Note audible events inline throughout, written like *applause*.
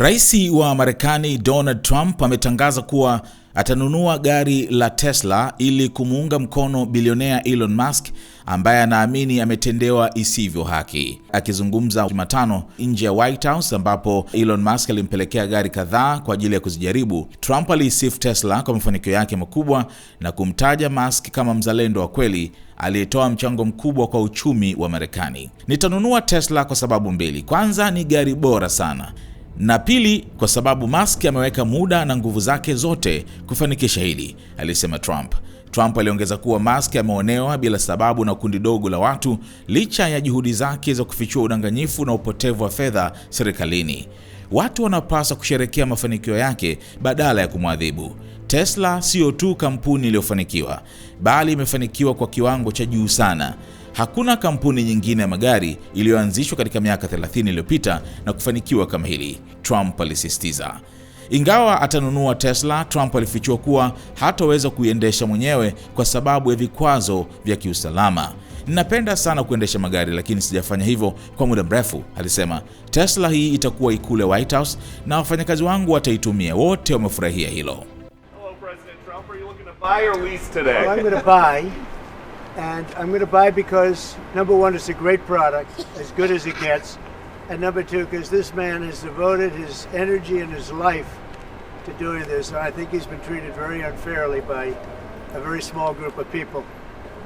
Rais wa Marekani Donald Trump ametangaza kuwa atanunua gari la Tesla ili kumuunga mkono bilionea Elon Musk ambaye anaamini ametendewa isivyo haki. Akizungumza Jumatano nje ya White House ambapo Elon Musk alimpelekea gari kadhaa kwa ajili ya kuzijaribu, Trump aliisifu Tesla kwa mafanikio yake makubwa na kumtaja Musk kama mzalendo wa kweli aliyetoa mchango mkubwa kwa uchumi wa Marekani. Nitanunua Tesla kwa sababu mbili. Kwanza, ni gari bora sana na pili, kwa sababu Musk ameweka muda na nguvu zake zote kufanikisha hili, alisema Trump. Trump aliongeza kuwa Musk ameonewa bila sababu na kundi dogo la watu licha ya juhudi zake za kufichua udanganyifu na upotevu wa fedha serikalini. Watu wanapaswa kusherekea mafanikio yake badala ya kumwadhibu. Tesla sio tu kampuni iliyofanikiwa, bali imefanikiwa kwa kiwango cha juu sana. Hakuna kampuni nyingine ya magari iliyoanzishwa katika miaka 30 iliyopita na kufanikiwa kama hili, Trump alisisitiza. Ingawa atanunua Tesla, Trump alifichua kuwa hataweza kuiendesha mwenyewe kwa sababu ya vikwazo vya kiusalama. Ninapenda sana kuendesha magari lakini sijafanya hivyo kwa muda mrefu, alisema. Tesla hii itakuwa ikule White House na wafanyakazi wangu wataitumia. Wote wamefurahia hilo. Hello, And I'm going to buy because number one, it's a great product, as good as it gets. And number two, because this man has devoted his energy and his life to doing this. And I think he's been treated very unfairly by a very small group of people.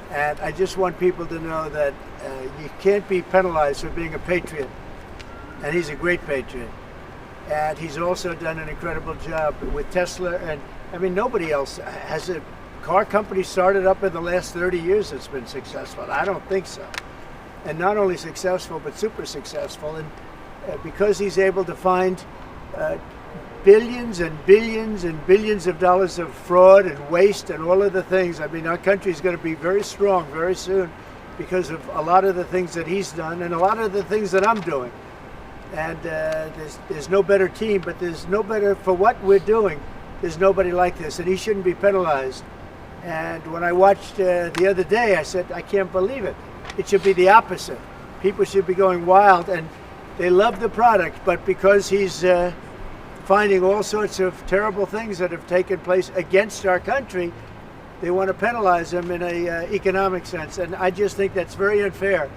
And I just want people to know that uh, you can't be penalized for being a patriot. And he's a great patriot. And he's also done an incredible job with Tesla. And I mean, nobody else has a car company started up in the last 30 years that's been successful? I don't think so. And not only successful, but super successful. And uh, because he's able to find uh, billions and billions and billions of dollars of fraud and waste and all of the things, I mean, our country is going to be very strong very soon because of a lot of the things that he's done and a lot of the things that I'm doing. And uh, there's, there's no better team, but there's no better for what we're doing. There's nobody like this, and he shouldn't be penalized. And when I watched uh, the other day, I said, I can't believe it. It should be the opposite. People should be going wild, and they love the product, but because he's uh, finding all sorts of terrible things that have taken place against our country, they want to penalize him in an uh, economic sense. And I just think that's very unfair.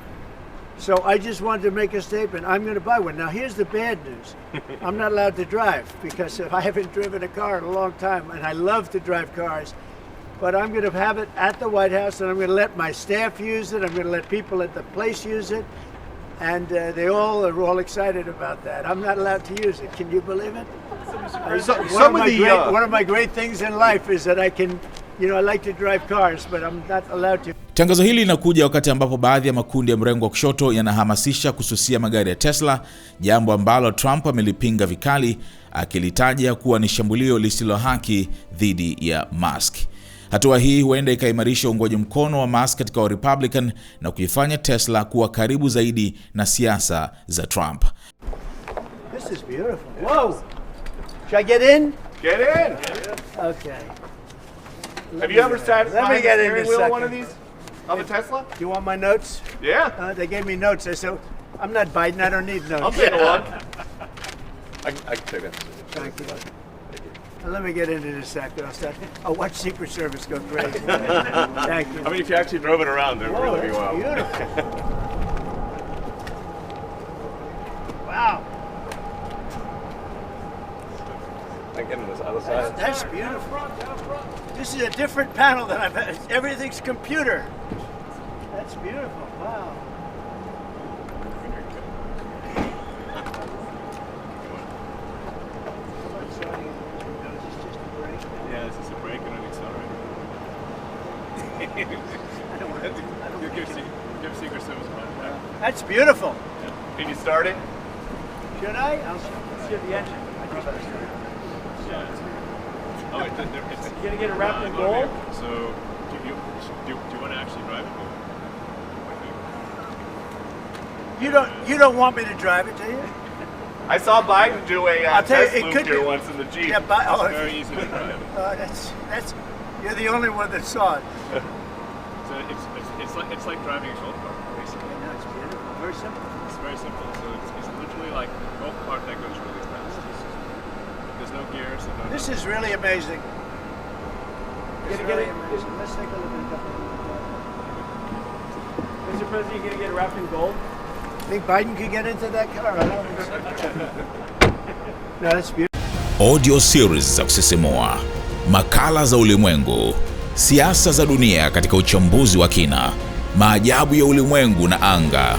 So I just wanted to make a statement. I'm going to buy one. Now, here's the bad news *laughs* I'm not allowed to drive because I haven't driven a car in a long time, and I love to drive cars. but I'm going to have it at the White House and I'm going to let my staff use it. I'm going to let people at the place use it. And uh, they all are all excited about that. I'm not allowed to use it. Can you believe it? Uh, so, one, some of, of the, great, uh... one of my great things in life is that I can You know, I like to drive cars, but I'm not allowed to. Tangazo hili linakuja wakati ambapo baadhi ya makundi ya mrengo wa kushoto yanahamasisha kususia magari ya Tesla, jambo ambalo Trump amelipinga vikali akilitaja kuwa ni shambulio lisilo haki dhidi ya Musk. Hatua hii huenda ikaimarisha uungwaji mkono wa Musk katika wa Republican na kuifanya Tesla kuwa karibu zaidi na siasa za Trump. I'm not Biden. I don't need notes. I'll *laughs* I, I can take it. Thank you. Let me get into this sector. I'll, start, I'll oh, watch Secret Service go crazy. *laughs* Thank you. I mean, if you actually drove it around, it would really be wild. Oh, beautiful. *laughs* wow. Again, this other side. That's, that's beautiful. This is a different panel than I've had. Everything's computer. That's beautiful. Wow. That's beautiful. Yeah. Can you start it? Should I? I'll see the engine. I think start it. Yeah. Oh, it's, you gonna get it wrapped in uh, gold? So, do you, do, do you want to actually drive it? You don't you don't want me to drive it, do you? I saw Biden do a uh, test you, loop here be, once in the Jeep. Yeah, Bi- oh, very easy to drive. Uh, *laughs* that's that's you're the only one that saw it. *laughs* so it's, it's, it's like it's like driving a shoulder car. very simple. It's very simple. So it's, it's literally like golf cart that goes really fast. There's no gears. So no this no. is really amazing. It's really amazing. Let's take a look at Mr. President, you going to get wrapped in gold? I Think Biden could get into that car? I don't think *laughs* no, that's beautiful. Audio series za kusisimua, makala za ulimwengu, siasa za dunia katika uchambuzi wa kina, maajabu ya ulimwengu na anga